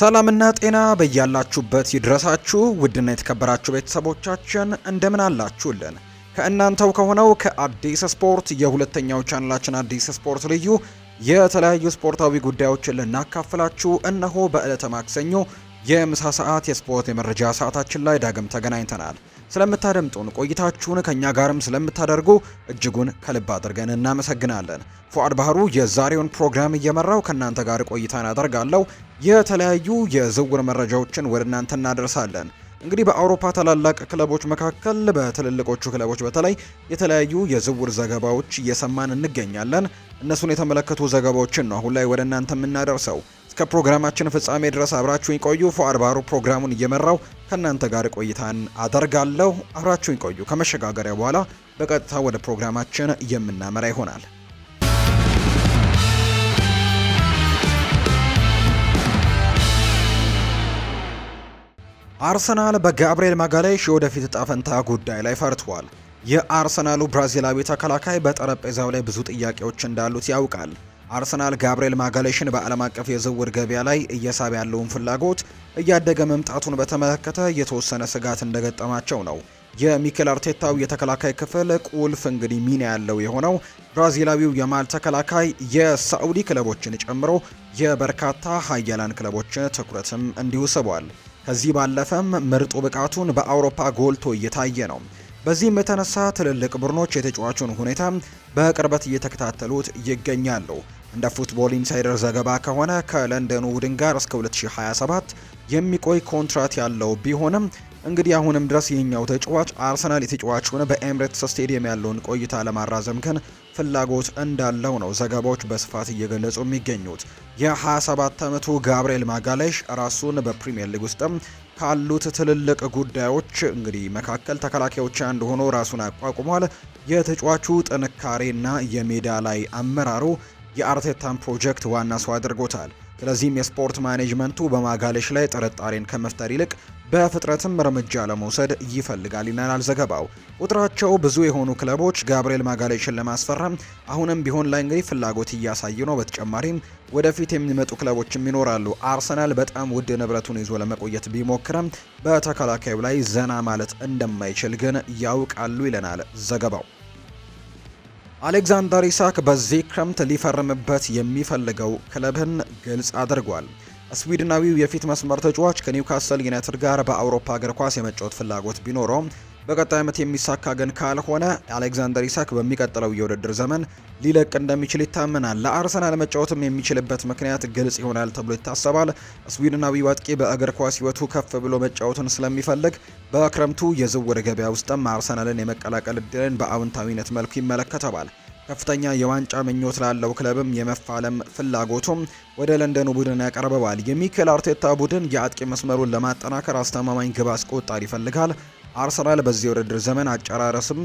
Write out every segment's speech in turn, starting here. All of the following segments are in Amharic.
ሰላምና ጤና በያላችሁበት ይድረሳችሁ ውድና የተከበራችሁ ቤተሰቦቻችን እንደምን አላችሁልን? ከእናንተው ከሆነው ከአዲስ ስፖርት የሁለተኛው ቻናላችን አዲስ ስፖርት ልዩ የተለያዩ ስፖርታዊ ጉዳዮችን ልናካፍላችሁ እነሆ በዕለተ ማክሰኞ የምሳ ሰዓት የስፖርት የመረጃ ሰዓታችን ላይ ዳግም ተገናኝተናል። ስለምታደምጡን ቆይታችሁን ከእኛ ጋርም ስለምታደርጉ እጅጉን ከልብ አድርገን እናመሰግናለን። ፉአድ ባህሩ የዛሬውን ፕሮግራም እየመራው ከእናንተ ጋር ቆይታን አደርጋለሁ። የተለያዩ የዝውውር መረጃዎችን ወደ እናንተ እናደርሳለን። እንግዲህ በአውሮፓ ታላላቅ ክለቦች መካከል በትልልቆቹ ክለቦች በተለይ የተለያዩ የዝውውር ዘገባዎች እየሰማን እንገኛለን። እነሱን የተመለከቱ ዘገባዎችን ነው አሁን ላይ ወደ እናንተ የምናደርሰው። እስከ ፕሮግራማችን ፍጻሜ ድረስ አብራችሁኝ ቆዩ። ፉአድ ፕሮግራሙን እየመራው ከእናንተ ጋር ቆይታን አደርጋለሁ። አብራችሁን ቆዩ። ከመሸጋገሪያ በኋላ በቀጥታ ወደ ፕሮግራማችን የምናመራ ይሆናል። አርሰናል በጋብርኤል ማጋሌሽ የወደፊት እጣ ፈንታ ጉዳይ ላይ ፈርቷል። የአርሰናሉ ብራዚላዊ ተከላካይ በጠረጴዛው ላይ ብዙ ጥያቄዎች እንዳሉት ያውቃል። አርሰናል ጋብርኤል ማጋሌሽን በዓለም አቀፍ የዝውውር ገበያ ላይ እየሳብ ያለውን ፍላጎት እያደገ መምጣቱን በተመለከተ የተወሰነ ስጋት እንደገጠማቸው ነው የሚኬል አርቴታው የተከላካይ ክፍል ቁልፍ እንግዲህ ሚና ያለው የሆነው ብራዚላዊው የማል ተከላካይ የሳዑዲ ክለቦችን ጨምሮ የበርካታ ሀያላን ክለቦችን ትኩረትም እንዲሁ ስቧል። ከዚህ ባለፈም ምርጡ ብቃቱን በአውሮፓ ጎልቶ እየታየ ነው። በዚህም የተነሳ ትልልቅ ቡድኖች የተጫዋቹን ሁኔታ በቅርበት እየተከታተሉት ይገኛሉ። እንደ ፉትቦል ኢንሳይደር ዘገባ ከሆነ ከለንደኑ ቡድን ጋር እስከ 2027 የሚቆይ ኮንትራት ያለው ቢሆንም እንግዲህ አሁንም ድረስ ይህኛው ተጫዋች አርሰናል የተጫዋቹን በኤምሬትስ ስቴዲየም ያለውን ቆይታ ለማራዘም ግን ፍላጎት እንዳለው ነው ዘገባዎች በስፋት እየገለጹ የሚገኙት። የ27 ዓመቱ ጋብርኤል ማጋለሽ ራሱን በፕሪምየር ሊግ ውስጥም ካሉት ትልልቅ ጉዳዮች እንግዲህ መካከል ተከላካዮች አንዱ ሆኖ ራሱን አቋቁሟል። የተጫዋቹ ጥንካሬና የሜዳ ላይ አመራሩ የአርቴታን ፕሮጀክት ዋና ሰው አድርጎታል። ስለዚህም የስፖርት ማኔጅመንቱ በማጋለሽ ላይ ጥርጣሬን ከመፍጠር ይልቅ በፍጥረትም እርምጃ ለመውሰድ ይፈልጋል ይለናል ዘገባው። ቁጥራቸው ብዙ የሆኑ ክለቦች ጋብርኤል ማጋሌሽን ለማስፈረም አሁንም ቢሆን ላይ እንግዲህ ፍላጎት እያሳዩ ነው። በተጨማሪም ወደፊት የሚመጡ ክለቦችም ይኖራሉ። አርሰናል በጣም ውድ ንብረቱን ይዞ ለመቆየት ቢሞክርም በተከላካዩ ላይ ዘና ማለት እንደማይችል ግን ያውቃሉ ይለናል ዘገባው። አሌክዛንደር ኢሳክ በዚህ ክረምት ሊፈርምበት የሚፈልገው ክለብን ግልጽ አድርጓል። ስዊድናዊው የፊት መስመር ተጫዋች ከኒውካስል ዩናይትድ ጋር በአውሮፓ እግር ኳስ የመጫወት ፍላጎት ቢኖረውም በቀጣይ ዓመት የሚሳካ ግን ካልሆነ አሌክዛንደር ኢሳክ በሚቀጥለው የውድድር ዘመን ሊለቅ እንደሚችል ይታመናል። ለአርሰናል መጫወትም የሚችልበት ምክንያት ግልጽ ይሆናል ተብሎ ይታሰባል። ስዊድናዊ አጥቂ በእግር ኳስ ሕይወቱ ከፍ ብሎ መጫወቱን ስለሚፈልግ በክረምቱ የዝውውር ገበያ ውስጥም አርሰናልን የመቀላቀል እድልን በአዎንታዊነት መልኩ ይመለከተዋል። ከፍተኛ የዋንጫ ምኞት ላለው ክለብም የመፋለም ፍላጎቱም ወደ ለንደኑ ቡድን ያቀርበዋል። የሚኬል አርቴታ ቡድን የአጥቂ መስመሩን ለማጠናከር አስተማማኝ ግብ አስቆጣሪ ይፈልጋል። አርሰናል በዚህ ውድድር ዘመን አጨራረስም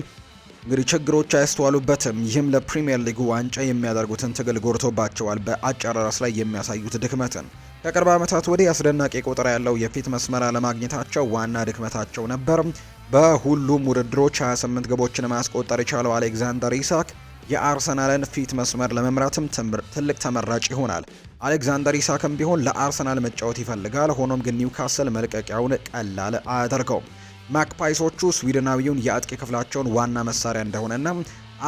እንግዲህ ችግሮች አያስተዋሉበትም። ይህም ለፕሪምየር ሊጉ ዋንጫ የሚያደርጉትን ትግል ጎርቶባቸዋል በአጨራረስ ላይ የሚያሳዩት ድክመትን ከቅርብ ዓመታት ወዲህ አስደናቂ ቁጥር ያለው የፊት መስመር አለማግኘታቸው ዋና ድክመታቸው ነበር። በሁሉም ውድድሮች 28 ግቦችን ማስቆጠር የቻለው አሌክዛንደር ኢሳክ የአርሰናልን ፊት መስመር ለመምራትም ትልቅ ተመራጭ ይሆናል። አሌክዛንደር ኢሳክም ቢሆን ለአርሰናል መጫወት ይፈልጋል። ሆኖም ግን ኒውካስል መልቀቂያውን ቀላል አያደርገውም። ማክፓይሶቹ ስዊድናዊውን የአጥቂ ክፍላቸውን ዋና መሳሪያ እንደሆነና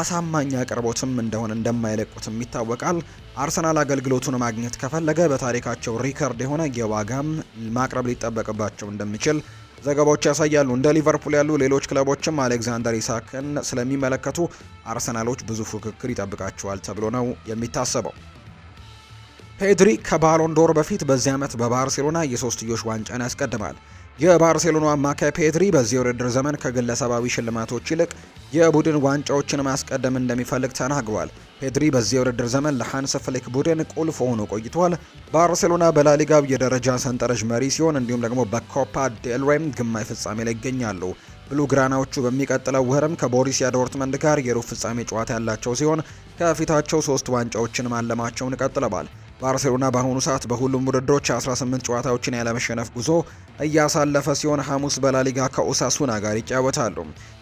አሳማኝ አቅርቦትም እንደሆነ እንደማይለቁትም ይታወቃል። አርሰናል አገልግሎቱን ማግኘት ከፈለገ በታሪካቸው ሪከርድ የሆነ የዋጋም ማቅረብ ሊጠበቅባቸው እንደሚችል ዘገባዎች ያሳያሉ። እንደ ሊቨርፑል ያሉ ሌሎች ክለቦችም አሌክዛንደር ኢሳክን ስለሚመለከቱ አርሰናሎች ብዙ ፉክክር ይጠብቃቸዋል ተብሎ ነው የሚታሰበው። ፔድሪ ከባሎንዶር በፊት በዚህ ዓመት በባርሴሎና የሶስትዮሽ ዋንጫን ያስቀድማል። የባርሴሎና አማካይ ፔድሪ በዚህ ውድድር ዘመን ከግለሰባዊ ሽልማቶች ይልቅ የቡድን ዋንጫዎችን ማስቀደም እንደሚፈልግ ተናግሯል። ፔድሪ በዚህ ውድድር ዘመን ለሃንስ ፍሊክ ቡድን ቁልፍ ሆኖ ቆይቷል። ባርሴሎና በላሊጋው የደረጃ ሰንጠረዥ መሪ ሲሆን፣ እንዲሁም ደግሞ በኮፓ ዴልሬም ግማሽ ፍጻሜ ላይ ይገኛሉ። ብሉ ግራናዎቹ በሚቀጥለው ወርም ከቦሪሲያ ዶርትመንድ ጋር የሩብ ፍጻሜ ጨዋታ ያላቸው ሲሆን ከፊታቸው ሶስት ዋንጫዎችን ማለማቸውን ቀጥለዋል። ባርሴሎና በአሁኑ ሰዓት በሁሉም ውድድሮች 18 ጨዋታዎችን ያለመሸነፍ ጉዞ እያሳለፈ ሲሆን ሐሙስ በላሊጋ ከኦሳሱና ጋር ይጫወታሉ።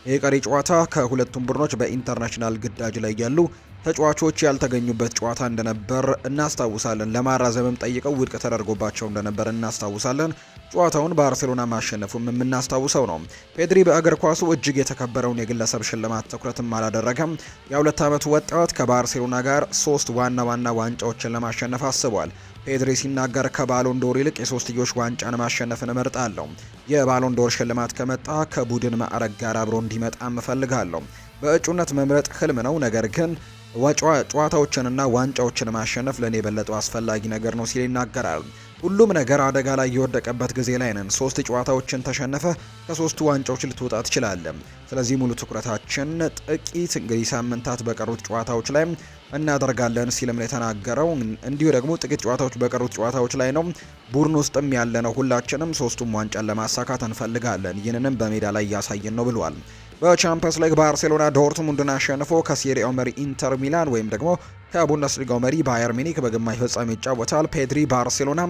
ይህ ቀሪ ጨዋታ ከሁለቱም ቡድኖች በኢንተርናሽናል ግዳጅ ላይ ያሉ ተጫዋቾች ያልተገኙበት ጨዋታ እንደነበር እናስታውሳለን። ለማራዘምም ጠይቀው ውድቅ ተደርጎባቸው እንደነበር እናስታውሳለን። ጨዋታውን ባርሴሎና ማሸነፉም የምናስታውሰው ነው። ፔድሪ በእግር ኳሱ እጅግ የተከበረውን የግለሰብ ሽልማት ትኩረትም አላደረገም። የሁለት ዓመቱ ወጣት ከባርሴሎና ጋር ሶስት ዋና ዋና ዋንጫዎችን ለማሸነፍ አስቧል። ፔድሪ ሲናገር ከባሎንዶር ይልቅ የሶስትዮሽ ዋንጫን ማሸነፍን እመርጣለሁ። የባሎንዶር ሽልማት ከመጣ ከቡድን ማዕረግ ጋር አብሮ እንዲመጣም እፈልጋለሁ። በእጩነት መምረጥ ህልም ነው፣ ነገር ግን ጨዋታዎችንና ዋንጫዎችን ማሸነፍ ለእኔ የበለጠው አስፈላጊ ነገር ነው ሲል ይናገራል። ሁሉም ነገር አደጋ ላይ የወደቀበት ጊዜ ላይ ነን። ሶስት ጨዋታዎችን ተሸነፈ፣ ከሶስቱ ዋንጫዎች ልትወጣ ትችላለ። ስለዚህ ሙሉ ትኩረታችን ጥቂት እንግዲህ ሳምንታት በቀሩት ጨዋታዎች ላይ እናደርጋለን ሲልም ነው የተናገረው። እንዲሁ ደግሞ ጥቂት ጨዋታዎች በቀሩት ጨዋታዎች ላይ ነው ቡድን ውስጥም ያለነው ሁላችንም ሶስቱም ዋንጫን ለማሳካት እንፈልጋለን። ይህንንም በሜዳ ላይ እያሳየን ነው ብሏል። በቻምፒየንስ ሊግ ባርሴሎና ዶርትሙንድን አሸንፎ ከሴሪያው መሪ ኢንተር ሚላን ወይም ደግሞ ከቡንደስሊጋው መሪ ባየር ሚኒክ በግማሽ ፍጻሜ ይጫወታል። ፔድሪ ባርሴሎና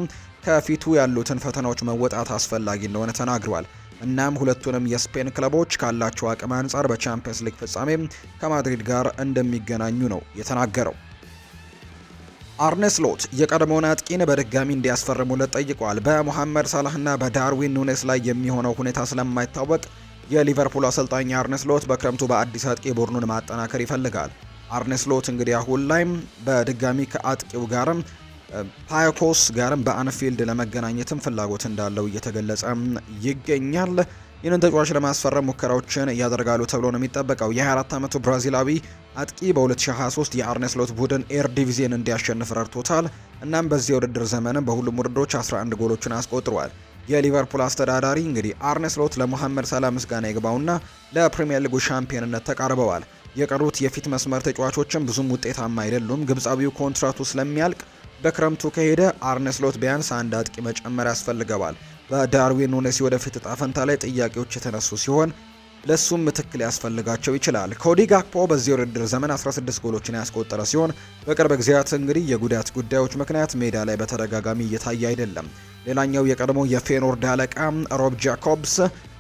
ከፊቱ ያሉትን ፈተናዎች መወጣት አስፈላጊ እንደሆነ ተናግሯል። እናም ሁለቱንም የስፔን ክለቦች ካላቸው አቅም አንጻር በቻምፒየንስ ሊግ ፍጻሜ ከማድሪድ ጋር እንደሚገናኙ ነው የተናገረው። አርኔስ ሎት የቀድሞውን አጥቂን በድጋሚ እንዲያስፈርሙለት ጠይቋል። በሞሐመድ ሳላህና በዳርዊን ኑኔስ ላይ የሚሆነው ሁኔታ ስለማይታወቅ የሊቨርፑል አሰልጣኝ አርነስሎት በክረምቱ በአዲስ አጥቂ ቡድኑን ማጠናከር ይፈልጋል። አርነስሎት እንግዲህ አሁን ላይም በድጋሚ ከአጥቂው ጋርም ፓያኮስ ጋርም በአንፊልድ ለመገናኘትም ፍላጎት እንዳለው እየተገለጸ ይገኛል። ይህንን ተጫዋች ለማስፈረም ሙከራዎችን እያደርጋሉ ተብሎ ነው የሚጠበቀው። የ24 ዓመቱ ብራዚላዊ አጥቂ በ2023 የአርነ ስሎት ቡድን ኤር ዲቪዚየን እንዲያሸንፍ ረድቶታል። እናም በዚህ የውድድር ዘመንም በሁሉም ውድድሮች 11 ጎሎችን አስቆጥሯል። የሊቨርፑል አስተዳዳሪ እንግዲህ አርነስ ስሎት ለሞሐመድ ሳላ ምስጋና ይግባውና ለፕሪምየር ሊጉ ሻምፒዮንነት ተቃርበዋል። የቀሩት የፊት መስመር ተጫዋቾችም ብዙም ውጤታማ አይደሉም። ግብፃዊው ኮንትራቱ ስለሚያልቅ በክረምቱ ከሄደ አርነ ስሎት ቢያንስ አንድ አጥቂ መጨመር ያስፈልገዋል። በዳርዊን ኑኔስ ወደፊት እጣ ፈንታ ላይ ጥያቄዎች የተነሱ ሲሆን ለሱም ምትክ ሊያስፈልጋቸው ይችላል። ኮዲ ጋክፖ በዚህ ውድድር ዘመን 16 ጎሎችን ያስቆጠረ ሲሆን በቅርብ ጊዜያት እንግዲህ የጉዳት ጉዳዮች ምክንያት ሜዳ ላይ በተደጋጋሚ እየታየ አይደለም። ሌላኛው የቀድሞ የፌኖርድ አለቃ ሮብ ጃኮብስ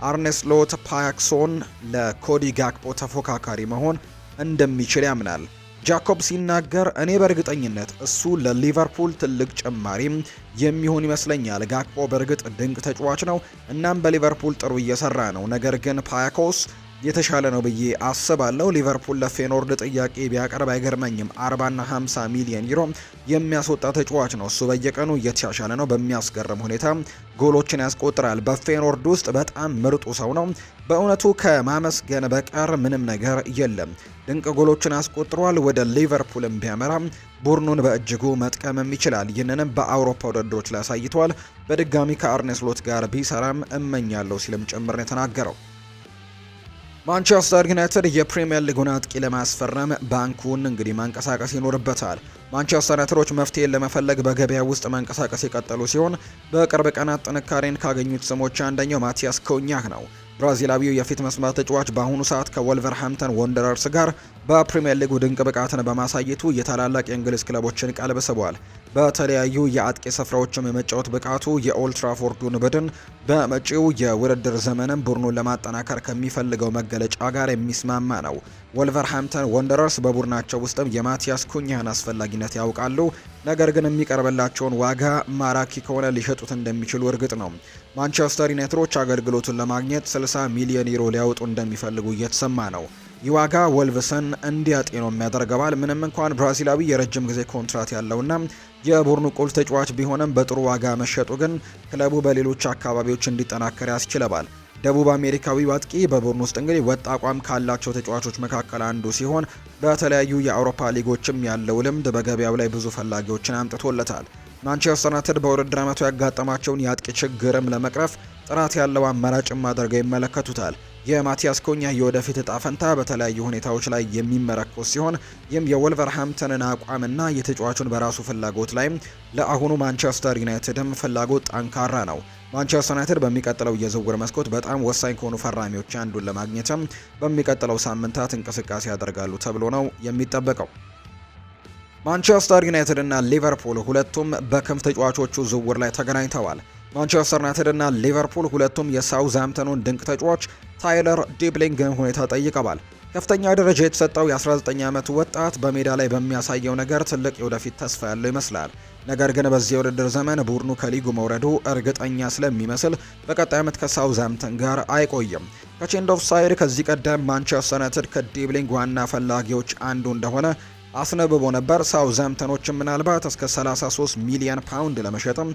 አርኔስ ሎት ፓያክሶን ለኮዲ ጋክፖ ተፎካካሪ መሆን እንደሚችል ያምናል። ጃኮብ ሲናገር እኔ በእርግጠኝነት እሱ ለሊቨርፑል ትልቅ ጭማሪ የሚሆን ይመስለኛል። ጋክፖ በእርግጥ ድንቅ ተጫዋች ነው፣ እናም በሊቨርፑል ጥሩ እየሰራ ነው። ነገር ግን ፓያኮስ የተሻለ ነው ብዬ አስባለሁ። ሊቨርፑል ለፌኖርድ ጥያቄ ቢያቀርብ አይገርመኝም። 40ና 50 ሚሊዮን ዩሮ የሚያስወጣ ተጫዋች ነው። እሱ በየቀኑ እየተሻሻለ ነው። በሚያስገርም ሁኔታ ጎሎችን ያስቆጥራል። በፌኖርድ ውስጥ በጣም ምርጡ ሰው ነው። በእውነቱ ከማመስገን በቀር ምንም ነገር የለም። ድንቅ ጎሎችን አስቆጥሯል። ወደ ሊቨርፑልም ቢያመራ ቡድኑን በእጅጉ መጥቀምም ይችላል። ይህንንም በአውሮፓ ውድድሮች ላይ አሳይቷል። በድጋሚ ከአርኔስሎት ጋር ቢሰራም እመኛለሁ ሲልም ጭምር ነው የተናገረው። ማንቸስተር ዩናይትድ የፕሪምየር ሊጉን አጥቂ ለማስፈረም ባንኩን እንግዲህ ማንቀሳቀስ ይኖርበታል። ማንቸስተር ዩናይትዶች መፍትሄን ለመፈለግ በገበያ ውስጥ መንቀሳቀስ የቀጠሉ ሲሆን በቅርብ ቀናት ጥንካሬን ካገኙት ስሞች አንደኛው ማቲያስ ኮኛክ ነው። ብራዚላዊው የፊት መስመር ተጫዋች በአሁኑ ሰዓት ከወልቨርሃምተን ወንደረርስ ጋር በፕሪምየር ሊጉ ድንቅ ብቃትን በማሳየቱ የታላላቅ የእንግሊዝ ክለቦችን ቀልብ ስቧል። በተለያዩ የአጥቂ ስፍራዎችም የመጫወት ብቃቱ የኦልትራፎርዱን ቡድን በመጪው የውድድር ዘመንም ቡድኑን ለማጠናከር ከሚፈልገው መገለጫ ጋር የሚስማማ ነው። ወልቨርሃምተን ወንደረርስ በቡድናቸው ውስጥም የማቲያስ ኩኛህን አስፈላጊነት ያውቃሉ። ነገር ግን የሚቀርብላቸውን ዋጋ ማራኪ ከሆነ ሊሸጡት እንደሚችሉ እርግጥ ነው። ማንቸስተር ዩናይትዶች አገልግሎቱን ለማግኘት 60 ሚሊዮን ዩሮ ሊያወጡ እንደሚፈልጉ እየተሰማ ነው። ይህ ዋጋ ወልቭሰን እንዲያጤነውም ያደርገዋል። ምንም እንኳን ብራዚላዊ የረጅም ጊዜ ኮንትራት ያለውና የቡድኑ ቁልፍ ተጫዋች ቢሆንም በጥሩ ዋጋ መሸጡ ግን ክለቡ በሌሎች አካባቢዎች እንዲጠናከር ያስችለዋል። ደቡብ አሜሪካዊ አጥቂ በቡድን ውስጥ እንግዲህ ወጥ አቋም ካላቸው ተጫዋቾች መካከል አንዱ ሲሆን በተለያዩ የአውሮፓ ሊጎችም ያለው ልምድ በገበያው ላይ ብዙ ፈላጊዎችን አምጥቶለታል። ማንቸስተር ዩናይትድ በውድድር ዓመቱ ያጋጠማቸውን የአጥቂ ችግርም ለመቅረፍ ጥራት ያለው አማራጭም አድርገው ይመለከቱታል። የማቲያስ ኩኛ የወደፊት እጣ ፈንታ በተለያዩ ሁኔታዎች ላይ የሚመረኮስ ሲሆን ይህም የወልቨርሃምተንን አቋምና የተጫዋቹን በራሱ ፍላጎት ላይ ለአሁኑ ማንቸስተር ዩናይትድም ፍላጎት ጠንካራ ነው። ማንቸስተር ዩናይትድ በሚቀጥለው የዝውውር መስኮት በጣም ወሳኝ ከሆኑ ፈራሚዎች አንዱን ለማግኘትም በሚቀጥለው ሳምንታት እንቅስቃሴ ያደርጋሉ ተብሎ ነው የሚጠበቀው። ማንቸስተር ዩናይትድ እና ሊቨርፑል ሁለቱም በክንፍ ተጫዋቾቹ ዝውውር ላይ ተገናኝተዋል። ማንቸስተር ዩናይትድ እና ሊቨርፑል ሁለቱም የሳውዝሃምፕተኑን ድንቅ ተጫዋች ታይለር ዲብሊንግን ሁኔታ ጠይቀዋል። ከፍተኛ ደረጃ የተሰጠው የ19 ዓመቱ ወጣት በሜዳ ላይ በሚያሳየው ነገር ትልቅ የወደፊት ተስፋ ያለው ይመስላል። ነገር ግን በዚህ የውድድር ዘመን ቡድኑ ከሊጉ መውረዱ እርግጠኛ ስለሚመስል በቀጣይ ዓመት ከሳውዝሃምፕተን ጋር አይቆይም። ከቼንድ ኦፍ ሳይድ ከዚህ ቀደም ማንቸስተር ዩናይትድ ከዲብሊንግ ዋና ፈላጊዎች አንዱ እንደሆነ አስነብቦ ነበር። ሳውዛምተኖችም ምናልባት እስከ 33 ሚሊዮን ፓውንድ ለመሸጥም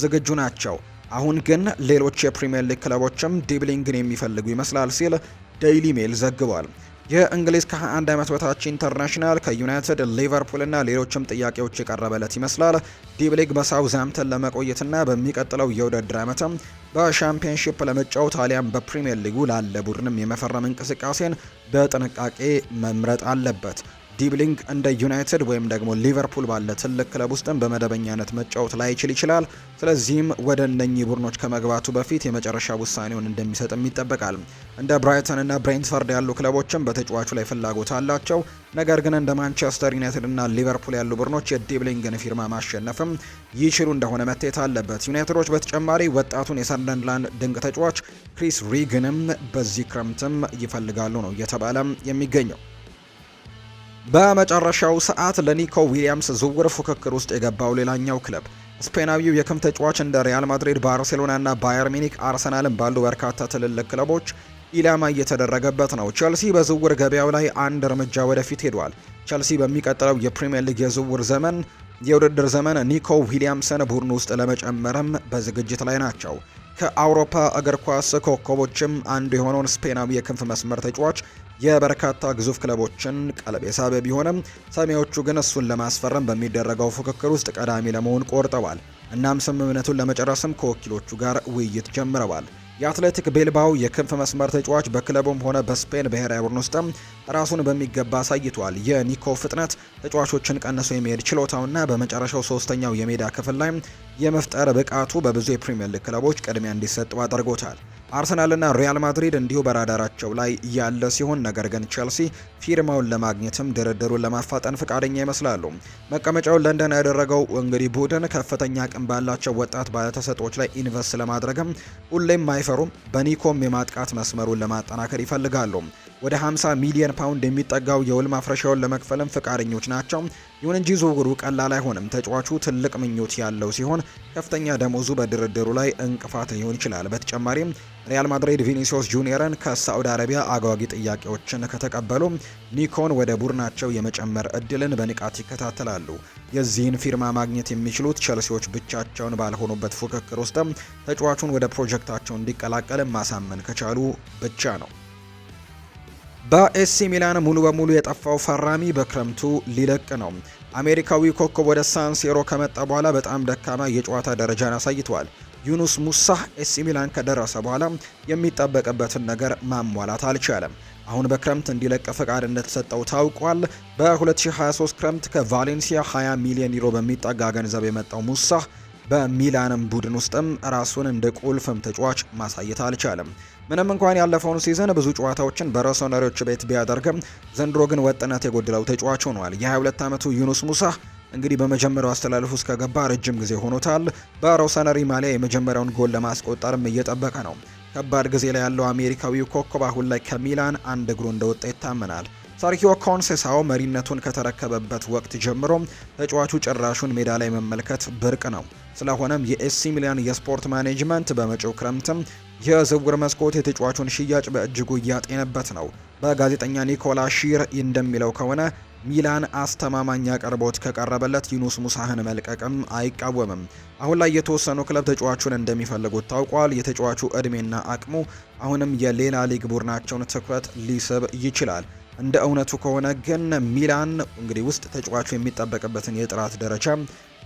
ዝግጁ ናቸው። አሁን ግን ሌሎች የፕሪምየር ሊግ ክለቦችም ዲብሊንግን የሚፈልጉ ይመስላል ሲል ዴይሊ ሜል ዘግቧል። የእንግሊዝ ከ21 ዓመት በታች ኢንተርናሽናል ከዩናይትድ ሊቨርፑልና ሌሎችም ጥያቄዎች የቀረበለት ይመስላል። ዲብሊግ በሳውዝሃምተን ለመቆየትና በሚቀጥለው የውድድር ዓመትም በሻምፒዮንሺፕ ለመጫወት አሊያም በፕሪምየር ሊጉ ላለ ቡድንም የመፈረም እንቅስቃሴን በጥንቃቄ መምረጥ አለበት። ዲብሊንግ እንደ ዩናይትድ ወይም ደግሞ ሊቨርፑል ባለ ትልቅ ክለብ ውስጥም በመደበኛነት መጫወት ላይችል ይችላል። ስለዚህም ወደ እነኚህ ቡድኖች ከመግባቱ በፊት የመጨረሻ ውሳኔውን እንደሚሰጥም ይጠበቃል። እንደ ብራይተን እና ብሬንትፈርድ ያሉ ክለቦችም በተጫዋቹ ላይ ፍላጎት አላቸው። ነገር ግን እንደ ማንቸስተር ዩናይትድ እና ሊቨርፑል ያሉ ቡድኖች የዲብሊንግን ፊርማ ማሸነፍም ይችሉ እንደሆነ መታየት አለበት። ዩናይትዶች በተጨማሪ ወጣቱን የሰንደርላንድ ድንቅ ተጫዋች ክሪስ ሪግንም በዚህ ክረምትም ይፈልጋሉ ነው እየተባለም የሚገኘው። በመጨረሻው ሰዓት ለኒኮ ዊሊያምስ ዝውውር ፉክክር ውስጥ የገባው ሌላኛው ክለብ ስፔናዊው የክም ተጫዋች እንደ ሪያል ማድሪድ፣ ባርሴሎና እና ባየር ሚኒክ አርሰናልን ባሉ በርካታ ትልልቅ ክለቦች ኢላማ እየተደረገበት ነው። ቸልሲ በዝውውር ገበያው ላይ አንድ እርምጃ ወደፊት ሄዷል። ቸልሲ በሚቀጥለው የፕሪምየር ሊግ የዝውውር ዘመን የውድድር ዘመን ኒኮ ዊሊያምስን ቡድን ውስጥ ለመጨመርም በዝግጅት ላይ ናቸው። ከአውሮፓ እግር ኳስ ኮከቦችም አንዱ የሆነውን ስፔናዊ የክንፍ መስመር ተጫዋች የበርካታ ግዙፍ ክለቦችን ቀልብ የሳበ ቢሆንም ሰሜዎቹ ግን እሱን ለማስፈረም በሚደረገው ፉክክር ውስጥ ቀዳሚ ለመሆን ቆርጠዋል። እናም ስምምነቱን ለመጨረስም ከወኪሎቹ ጋር ውይይት ጀምረዋል። የአትሌቲክ ቤልባው የክንፍ መስመር ተጫዋች በክለቡም ሆነ በስፔን ብሔራዊ ቡድን ውስጥም ራሱን በሚገባ አሳይቷል። የኒኮ ፍጥነት ተጫዋቾችን ቀንሶ የመሄድ ችሎታውና በመጨረሻው ሶስተኛው የሜዳ ክፍል ላይ የመፍጠር ብቃቱ በብዙ የፕሪምየር ሊግ ክለቦች ቅድሚያ እንዲሰጠው አድርጎታል። አርሰናልና ሪያል ማድሪድ እንዲሁ በራዳራቸው ላይ ያለ ሲሆን ነገር ግን ቸልሲ ፊርማውን ለማግኘትም ድርድሩን ለማፋጠን ፈቃደኛ ይመስላሉ። መቀመጫውን ለንደን ያደረገው እንግዲህ ቡድን ከፍተኛ አቅም ባላቸው ወጣት ባለተሰጦች ላይ ኢንቨስት ለማድረግም ሁሌም አይፈሩም። በኒኮም የማጥቃት መስመሩን ለማጠናከር ይፈልጋሉ። ወደ 50 ሚሊዮን ፓውንድ የሚጠጋው የውል ማፍረሻውን ለመክፈልም ፈቃደኞች ናቸው። ይሁን እንጂ ዝውውሩ ቀላል አይሆንም። ተጫዋቹ ትልቅ ምኞት ያለው ሲሆን ከፍተኛ ደሞዙ በድርድሩ ላይ እንቅፋት ሊሆን ይችላል። በተጨማሪም ሪያል ማድሪድ ቪኒሲዮስ ጁኒየርን ከሳዑዲ አረቢያ አጓጊ ጥያቄዎችን ከተቀበሉ ኒኮን ወደ ቡድናቸው የመጨመር እድልን በንቃት ይከታተላሉ። የዚህን ፊርማ ማግኘት የሚችሉት ቸልሲዎች ብቻቸውን ባልሆኑበት ፉክክር ውስጥም ተጫዋቹን ወደ ፕሮጀክታቸው እንዲቀላቀል ማሳመን ከቻሉ ብቻ ነው። በኤሲ ሚላን ሙሉ በሙሉ የጠፋው ፈራሚ በክረምቱ ሊለቅ ነው። አሜሪካዊ ኮከብ ወደ ሳንሴሮ ከመጣ በኋላ በጣም ደካማ የጨዋታ ደረጃን አሳይቷል። ዩኑስ ሙሳ ኤሲ ሚላን ከደረሰ በኋላ የሚጠበቅበትን ነገር ማሟላት አልቻለም። አሁን በክረምት እንዲለቅ ፈቃድ እንደተሰጠው ታውቋል። በ2023 ክረምት ከቫሌንሲያ 20 ሚሊዮን ዩሮ በሚጠጋ ገንዘብ የመጣው ሙሳ በሚላንም ቡድን ውስጥም ራሱን እንደ ቁልፍም ተጫዋች ማሳየት አልቻለም። ምንም እንኳን ያለፈውን ሲዘን ብዙ ጨዋታዎችን በረሶነሪዎች ቤት ቢያደርግም ዘንድሮ ግን ወጥነት የጎደለው ተጫዋች ሆኗል። የ22 ዓመቱ ዩኑስ ሙሳ እንግዲህ በመጀመሪያው አስተላልፍ ውስጥ ከገባ ረጅም ጊዜ ሆኖታል። በሮሰነሪ ማሊያ የመጀመሪያውን ጎል ለማስቆጠርም እየጠበቀ ነው። ከባድ ጊዜ ላይ ያለው አሜሪካዊው ኮከብ አሁን ላይ ከሚላን አንድ እግሩ እንደወጣ ይታመናል። ሰርሂዮ ኮንሴሳኦ መሪነቱን ከተረከበበት ወቅት ጀምሮ ተጫዋቹ ጭራሹን ሜዳ ላይ መመልከት ብርቅ ነው። ስለሆነም የኤሲ ሚላን የስፖርት ማኔጅመንት በመጪው ክረምትም የዝውውር መስኮት የተጫዋቹን ሽያጭ በእጅጉ እያጤነበት ነው። በጋዜጠኛ ኒኮላ ሺር እንደሚለው ከሆነ ሚላን አስተማማኝ አቅርቦት ከቀረበለት ዩኑስ ሙሳህን መልቀቅም አይቃወምም። አሁን ላይ የተወሰኑ ክለብ ተጫዋቹን እንደሚፈልጉት ታውቋል። የተጫዋቹ ዕድሜና አቅሙ አሁንም የሌላ ሊግ ቡድናቸውን ትኩረት ሊስብ ይችላል። እንደ እውነቱ ከሆነ ግን ሚላን እንግዲህ ውስጥ ተጫዋቹ የሚጠበቅበትን የጥራት ደረጃ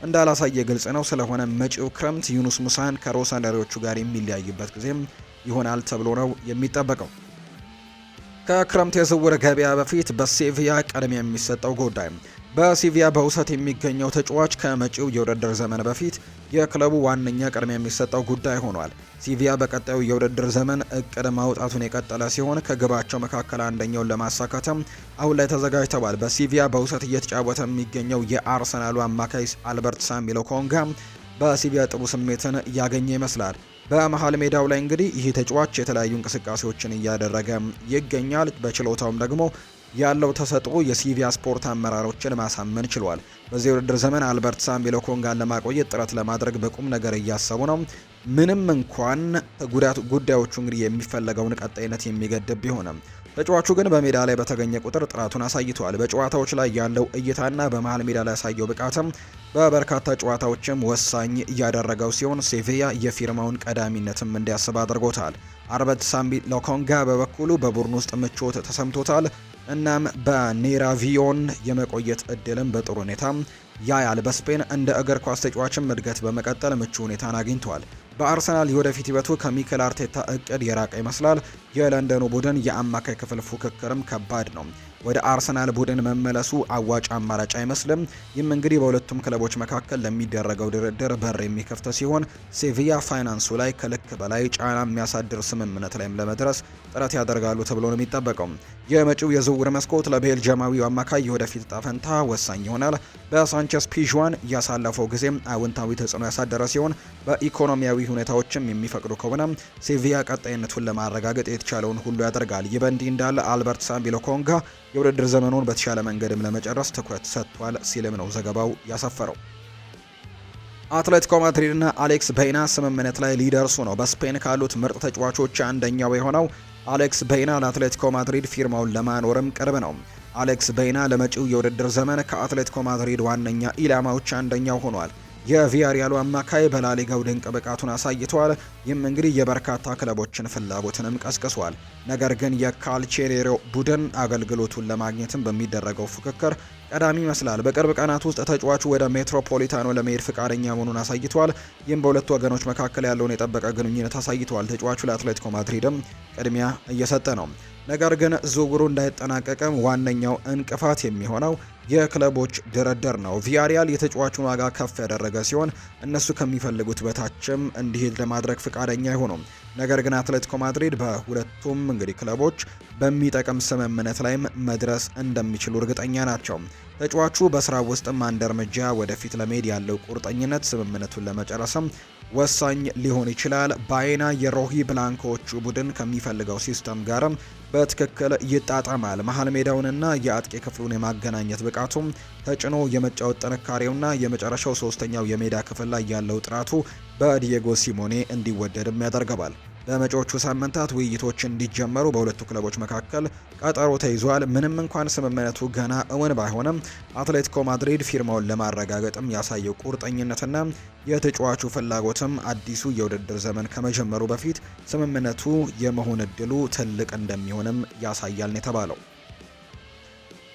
እንዳላሳየ ግልጽ ነው። ስለሆነ መጪው ክረምት ዩኑስ ሙሳን ከሮሳነሪዎቹ ጋር የሚለያይበት ጊዜም ይሆናል ተብሎ ነው የሚጠበቀው። ከክረምት የዝውውር ገበያ በፊት በሴቪያ ቀድሚያ የሚሰጠው ጉዳይ በሲቪያ በውሰት የሚገኘው ተጫዋች ከመጪው የውድድር ዘመን በፊት የክለቡ ዋነኛ ቅድሚያ የሚሰጠው ጉዳይ ሆኗል። ሲቪያ በቀጣዩ የውድድር ዘመን እቅድ ማውጣቱን የቀጠለ ሲሆን ከግባቸው መካከል አንደኛውን ለማሳካትም አሁን ላይ ተዘጋጅተዋል። በሲቪያ በውሰት እየተጫወተ የሚገኘው የአርሰናሉ አማካይ አልበርት ሳሚሎ ኮንጋ በሲቪያ ጥሩ ስሜትን እያገኘ ይመስላል። በመሀል ሜዳው ላይ እንግዲህ ይህ ተጫዋች የተለያዩ እንቅስቃሴዎችን እያደረገ ይገኛል። በችሎታውም ደግሞ ያለው ተሰጥኦ የሲቪያ ስፖርት አመራሮችን ማሳመን ችሏል። በዚህ ውድድር ዘመን አልበርት ሳምቤሎ ኮንጋን ለማቆየት ጥረት ለማድረግ በቁም ነገር እያሰቡ ነው። ምንም እንኳን ጉዳት ጉዳዮቹ እንግዲህ የሚፈለገውን ቀጣይነት የሚገድብ ቢሆንም ተጫዋቹ ግን በሜዳ ላይ በተገኘ ቁጥር ጥራቱን አሳይቷል። በጨዋታዎች ላይ ያለው እይታና በመሃል ሜዳ ላይ ያሳየው ብቃትም በበርካታ ጨዋታዎችም ወሳኝ እያደረገው ሲሆን ሴቪያ የፊርማውን ቀዳሚነትም እንዲያስብ አድርጎታል። አርበት ሳምቢ ሎኮንጋ በበኩሉ በቡድን ውስጥ ምቾት ተሰምቶታል። እናም በኔራቪዮን የመቆየት እድልን በጥሩ ሁኔታ ያያል። በስፔን እንደ እግር ኳስ ተጫዋችም እድገት በመቀጠል ምቹ ሁኔታን አግኝቷል። በአርሰናል የወደፊት ህይወቱ ከሚኬል አርቴታ እቅድ የራቀ ይመስላል። የለንደኑ ቡድን የአማካይ ክፍል ፉክክርም ከባድ ነው። ወደ አርሰናል ቡድን መመለሱ አዋጭ አማራጭ አይመስልም። ይህም እንግዲህ በሁለቱም ክለቦች መካከል ለሚደረገው ድርድር በር የሚከፍት ሲሆን፣ ሴቪያ ፋይናንሱ ላይ ከልክ በላይ ጫና የሚያሳድር ስምምነት ላይም ለመድረስ ጥረት ያደርጋሉ ተብሎ ነው የሚጠበቀው። የመጪው የዝውውር መስኮት ለቤልጅየማዊው አማካይ የወደፊት ጣፈንታ ፈንታ ወሳኝ ይሆናል። በሳንቸስ ፒዥዋን ያሳለፈው ጊዜም አዎንታዊ ተጽዕኖ ያሳደረ ሲሆን በኢኮኖሚያዊ ሁኔታዎችም የሚፈቅዱ ከሆነ ሴቪያ ቀጣይነቱን ለማረጋገጥ የተቻለውን ሁሉ ያደርጋል። ይህ በእንዲህ እንዳለ አልበርት ሳምቢሎ ኮንጋ የውድድር ዘመኑን በተሻለ መንገድም ለመጨረስ ትኩረት ሰጥቷል ሲልም ነው ዘገባው ያሰፈረው። አትሌቲኮ ማድሪድ እና አሌክስ በይና ስምምነት ላይ ሊደርሱ ነው። በስፔን ካሉት ምርጥ ተጫዋቾች አንደኛው የሆነው አሌክስ በይና ለአትሌቲኮ ማድሪድ ፊርማውን ለማኖርም ቅርብ ነው። አሌክስ በይና ለመጪው የውድድር ዘመን ከአትሌቲኮ ማድሪድ ዋነኛ ኢላማዎች አንደኛው ሆኗል። የቪያሪያሉ አማካይ በላሊጋው ድንቅ ብቃቱን አሳይተዋል። ይህም እንግዲህ የበርካታ ክለቦችን ፍላጎትንም ቀስቅሷል። ነገር ግን የካልቼሬሮ ቡድን አገልግሎቱን ለማግኘትም በሚደረገው ፉክክር ቀዳሚ ይመስላል። በቅርብ ቀናት ውስጥ ተጫዋቹ ወደ ሜትሮፖሊታኖ ለመሄድ ፍቃደኛ መሆኑን አሳይተዋል። ይህም በሁለቱ ወገኖች መካከል ያለውን የጠበቀ ግንኙነት አሳይተዋል። ተጫዋቹ ለአትሌቲኮ ማድሪድም ቅድሚያ እየሰጠ ነው። ነገር ግን ዝውውሩ እንዳይጠናቀቅም ዋነኛው እንቅፋት የሚሆነው የክለቦች ድርድር ነው። ቪያሪያል የተጫዋቹን ዋጋ ከፍ ያደረገ ሲሆን እነሱ ከሚፈልጉት በታችም እንዲሄድ ለማድረግ ፍቃደኛ አይሆኑም። ነገር ግን አትሌቲኮ ማድሪድ በሁለቱም እንግዲህ ክለቦች በሚጠቅም ስምምነት ላይም መድረስ እንደሚችሉ እርግጠኛ ናቸው። ተጫዋቹ በስራ ውስጥም አንድ እርምጃ ወደፊት ለመሄድ ያለው ቁርጠኝነት ስምምነቱን ለመጨረስም ወሳኝ ሊሆን ይችላል። ባይና የሮሂ ብላንኮቹ ቡድን ከሚፈልገው ሲስተም ጋርም በትክክል ይጣጣማል። መሀል ሜዳውንና የአጥቂ ክፍሉን የማገናኘት ብቃቱም ተጭኖ የመጫወት ጥንካሬውና የመጨረሻው ሶስተኛው የሜዳ ክፍል ላይ ያለው ጥራቱ በዲየጎ ሲሞኔ እንዲወደድም ያደርገዋል። በመጪዎቹ ሳምንታት ውይይቶች እንዲጀመሩ በሁለቱ ክለቦች መካከል ቀጠሮ ተይዟል። ምንም እንኳን ስምምነቱ ገና እውን ባይሆንም አትሌቲኮ ማድሪድ ፊርማውን ለማረጋገጥም ያሳየው ቁርጠኝነትና የተጫዋቹ ፍላጎትም አዲሱ የውድድር ዘመን ከመጀመሩ በፊት ስምምነቱ የመሆን እድሉ ትልቅ እንደሚሆንም ያሳያል ነው የተባለው።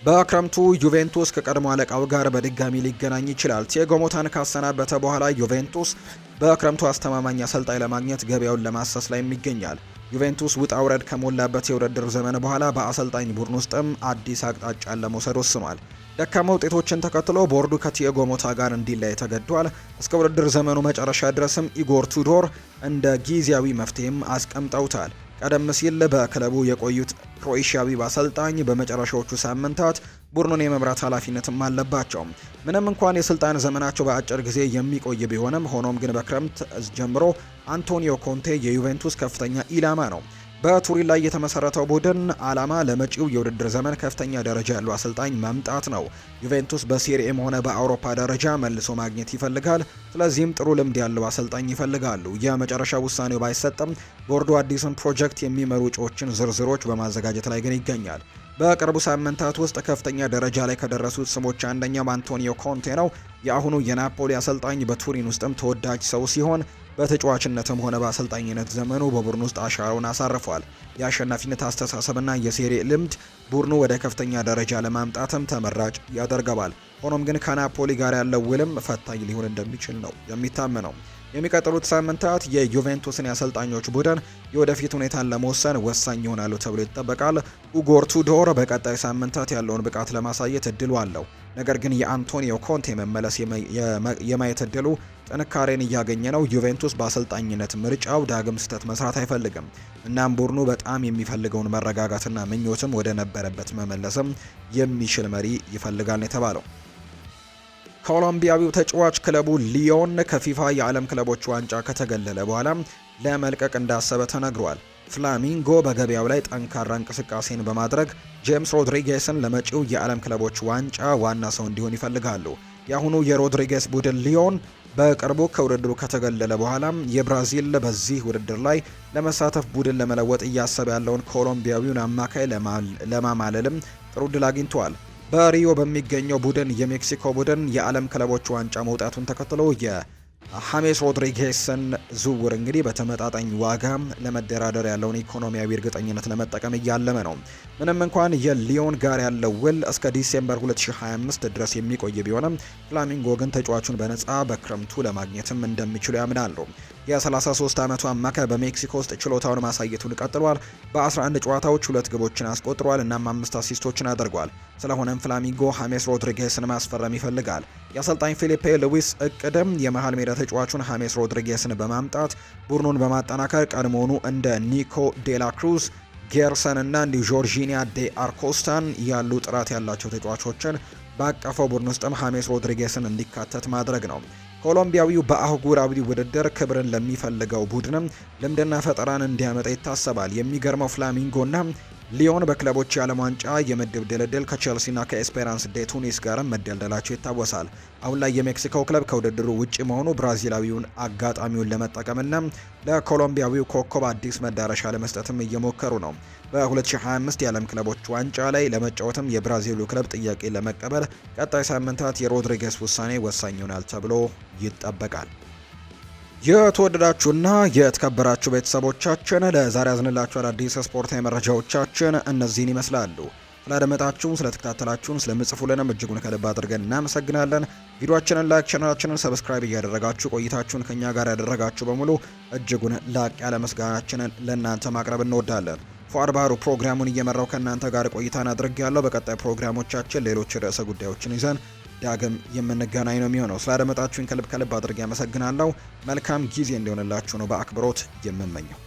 በክረምቱ ዩቬንቱስ ከቀድሞ አለቃው ጋር በድጋሚ ሊገናኝ ይችላል። ቲያጎ ሞታን ካሰናበተ በኋላ ዩቬንቱስ በክረምቱ አስተማማኝ አሰልጣኝ ለማግኘት ገበያውን ለማሰስ ላይ ይገኛል። ዩቬንቱስ ውጣ ውረድ ከሞላበት የውድድር ዘመን በኋላ በአሰልጣኝ ቡድን ውስጥም አዲስ አቅጣጫን ለመውሰድ ወስኗል። ደካማ ውጤቶችን ተከትሎ ቦርዱ ከቲያጎ ሞታ ጋር እንዲላይ ተገዷል። እስከ ውድድር ዘመኑ መጨረሻ ድረስም ኢጎር ቱዶር እንደ ጊዜያዊ መፍትሄም አስቀምጠውታል። ቀደም ሲል በክለቡ የቆዩት ክሮኤሽያዊው አሰልጣኝ በመጨረሻዎቹ ሳምንታት ቡድኑን የመምራት ኃላፊነትም አለባቸው። ምንም እንኳን የስልጣን ዘመናቸው በአጭር ጊዜ የሚቆይ ቢሆንም ሆኖም ግን በክረምት ጀምሮ አንቶኒዮ ኮንቴ የዩቬንቱስ ከፍተኛ ኢላማ ነው። በቱሪን ላይ የተመሰረተው ቡድን አላማ ለመጪው የውድድር ዘመን ከፍተኛ ደረጃ ያለው አሰልጣኝ መምጣት ነው። ዩቬንቱስ በሴሪኤም ሆነ በአውሮፓ ደረጃ መልሶ ማግኘት ይፈልጋል። ስለዚህም ጥሩ ልምድ ያለው አሰልጣኝ ይፈልጋሉ። የመጨረሻ ውሳኔው ባይሰጥም ቦርዶ አዲሱን ፕሮጀክት የሚመሩ እጩዎችን ዝርዝሮች በማዘጋጀት ላይ ግን ይገኛል። በቅርቡ ሳምንታት ውስጥ ከፍተኛ ደረጃ ላይ ከደረሱት ስሞች አንደኛው አንቶኒዮ ኮንቴ ነው። የአሁኑ የናፖሊ አሰልጣኝ በቱሪን ውስጥም ተወዳጅ ሰው ሲሆን በተጫዋችነትም ሆነ በአሰልጣኝነት ዘመኑ በቡድን ውስጥ አሻራውን አሳርፏል። የአሸናፊነት አስተሳሰብና የሴሬ ልምድ ቡድኑ ወደ ከፍተኛ ደረጃ ለማምጣትም ተመራጭ ያደርገዋል። ሆኖም ግን ከናፖሊ ጋር ያለው ውልም ፈታኝ ሊሆን እንደሚችል ነው የሚታመነው። የሚቀጥሉት ሳምንታት የዩቬንቱስን የአሰልጣኞች ቡድን የወደፊት ሁኔታን ለመወሰን ወሳኝ ይሆናሉ ተብሎ ይጠበቃል። ኡጎር ቱዶር በቀጣይ ሳምንታት ያለውን ብቃት ለማሳየት እድሉ አለው። ነገር ግን የአንቶኒዮ ኮንቴ መመለስ የማየት እድሉ ጥንካሬን እያገኘ ነው። ዩቬንቱስ በአሰልጣኝነት ምርጫው ዳግም ስህተት መስራት አይፈልግም። እናም ቡድኑ በጣም የሚፈልገውን መረጋጋትና ምኞትም ወደ ነበረበት መመለስም የሚችል መሪ ይፈልጋል የተባለው ኮሎምቢያዊው ተጫዋች ክለቡ ሊዮን ከፊፋ የዓለም ክለቦች ዋንጫ ከተገለለ በኋላ ለመልቀቅ እንዳሰበ ተነግሯል። ፍላሚንጎ በገበያው ላይ ጠንካራ እንቅስቃሴን በማድረግ ጄምስ ሮድሪጌስን ለመጪው የዓለም ክለቦች ዋንጫ ዋና ሰው እንዲሆን ይፈልጋሉ። የአሁኑ የሮድሪጌስ ቡድን ሊዮን በቅርቡ ከውድድሩ ከተገለለ በኋላ የብራዚል በዚህ ውድድር ላይ ለመሳተፍ ቡድን ለመለወጥ እያሰበ ያለውን ኮሎምቢያዊውን አማካይ ለማማለልም ጥሩ ድል አግኝተዋል። በሪዮ በሚገኘው ቡድን የሜክሲኮ ቡድን የዓለም ክለቦች ዋንጫ መውጣቱን ተከትሎ የሐሜስ ሮድሪጌስን ዝውውር እንግዲህ በተመጣጣኝ ዋጋ ለመደራደር ያለውን ኢኮኖሚያዊ እርግጠኝነት ለመጠቀም እያለመ ነው። ምንም እንኳን የሊዮን ጋር ያለው ውል እስከ ዲሴምበር 2025 ድረስ የሚቆይ ቢሆንም ፍላሚንጎ ግን ተጫዋቹን በነፃ በክረምቱ ለማግኘትም እንደሚችሉ ያምናሉ። የ33 ዓመቱ አማካይ በሜክሲኮ ውስጥ ችሎታውን ማሳየቱን ቀጥሏል። በ11 ጨዋታዎች ሁለት ግቦችን አስቆጥሯል እናም አምስት አሲስቶችን አድርጓል። ስለሆነም ፍላሚንጎ ሐሜስ ሮድሪጌስን ማስፈረም ይፈልጋል። የአሰልጣኝ ፊሊፔ ሉዊስ እቅድም የመሃል ሜዳ ተጫዋቹን ሐሜስ ሮድሪጌስን በማምጣት ቡድኑን በማጠናከር ቀድሞውኑ እንደ ኒኮ ዴላ ክሩዝ ጌርሰን እና እንዲሁ ጆርጂኒያ ዴ አርኮስታን ያሉ ጥራት ያላቸው ተጫዋቾችን ባቀፈው ቡድን ውስጥም ሐሜስ ሮድሪጌስን እንዲካተት ማድረግ ነው። ኮሎምቢያዊው በአህጉራዊ ውድድር ክብርን ለሚፈልገው ቡድንም ልምድና ፈጠራን እንዲያመጣ ይታሰባል። የሚገርመው ፍላሚንጎና ሊዮን በክለቦች የዓለም ዋንጫ የምድብ ድልድል ከቼልሲና ከኤስፔራንስ ዴ ቱኒስ መደልደላቸው ይታወሳል። አሁን ላይ የሜክሲኮ ክለብ ከውድድሩ ውጭ መሆኑ ብራዚላዊውን አጋጣሚውን ለመጠቀምና ለኮሎምቢያዊው ኮከብ አዲስ መዳረሻ ለመስጠትም እየሞከሩ ነው። በ2025 የዓለም ክለቦች ዋንጫ ላይ ለመጫወትም የብራዚሉ ክለብ ጥያቄ ለመቀበል ቀጣይ ሳምንታት የሮድሪጌስ ውሳኔ ወሳኝ ይሆናል ተብሎ ይጠበቃል። የተወደዳችሁና የተከበራችሁ ቤተሰቦቻችን ለዛሬ ያዝንላችሁ አዳዲስ ስፖርታዊ መረጃዎቻችን እነዚህን ይመስላሉ። ስላደመጣችሁን፣ ስለተከታተላችሁን፣ ስለምጽፉልንም እጅጉን ከልብ አድርገን እናመሰግናለን። ቪዲዮችንን ላይክ፣ ቻናላችንን ሰብስክራይብ እያደረጋችሁ ቆይታችሁን ከእኛ ጋር ያደረጋችሁ በሙሉ እጅጉን ላቅ ያለ ምስጋናችንን ለእናንተ ማቅረብ እንወዳለን። ፏድ ባህሩ ፕሮግራሙን እየመራው ከእናንተ ጋር ቆይታን አድርግ ያለው። በቀጣይ ፕሮግራሞቻችን ሌሎች ርዕሰ ጉዳዮችን ይዘን ዳግም የምንገናኝ ነው የሚሆነው። ስላደመጣችሁኝ ከልብ ከልብ አድርጌ አመሰግናለሁ። መልካም ጊዜ እንዲሆንላችሁ ነው በአክብሮት የምመኘው።